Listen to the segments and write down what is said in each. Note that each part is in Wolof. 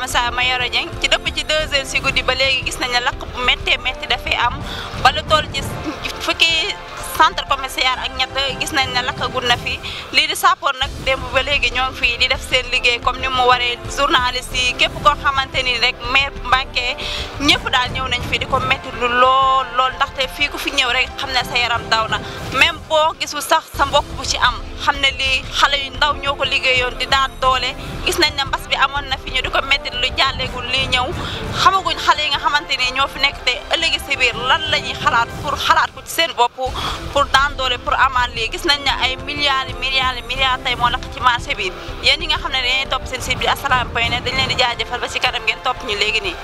Moussa Mayoro Dieng ci dëpp ci 2 heures si guddi ba léegi gis nañ ne lakk bu méttee métti dafay am ba lu toll ci fukki centre commercial ak ñett gis nañ ne lakkagul na fi lii di sappoor nag démb ba léegi ñoo ngi fii di def seen liggéey comme ni mu waree journaliste yi képp koo xamante ni rek maire Mbacké ñëpp daal ñëw nañ fi di ko métti lu lool lool ndaxte fii ku fi ñëw rek xam ne sa yaram daw na même boo gisul sax sa mbokk bu ci am. xam ne lii xale yu ndaw ñoo ko liggéeyoon di daan doole gis nañ ne mbas bi amoon na fi ñu di ko métti lu jàlleegul lii ñëw xamaguñ xale yi nga xamante ni ñoo fi nekk te ëllëgi si biir lan la ñuy xalaat pour xalaat ko ci seen bopp pour daan doole pour amaan lii gis nañ ne ay milliards milliards milliards tey moo lakk ci marché bi yéen yi nga xam ne ne topp seen site bi Assalaamy point net dañ leen di jaajëfal ba ci kanam ngeen topp ñu léegi nii.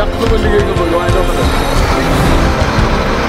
yàq sama liggéey nga bëgg waaye doo ko def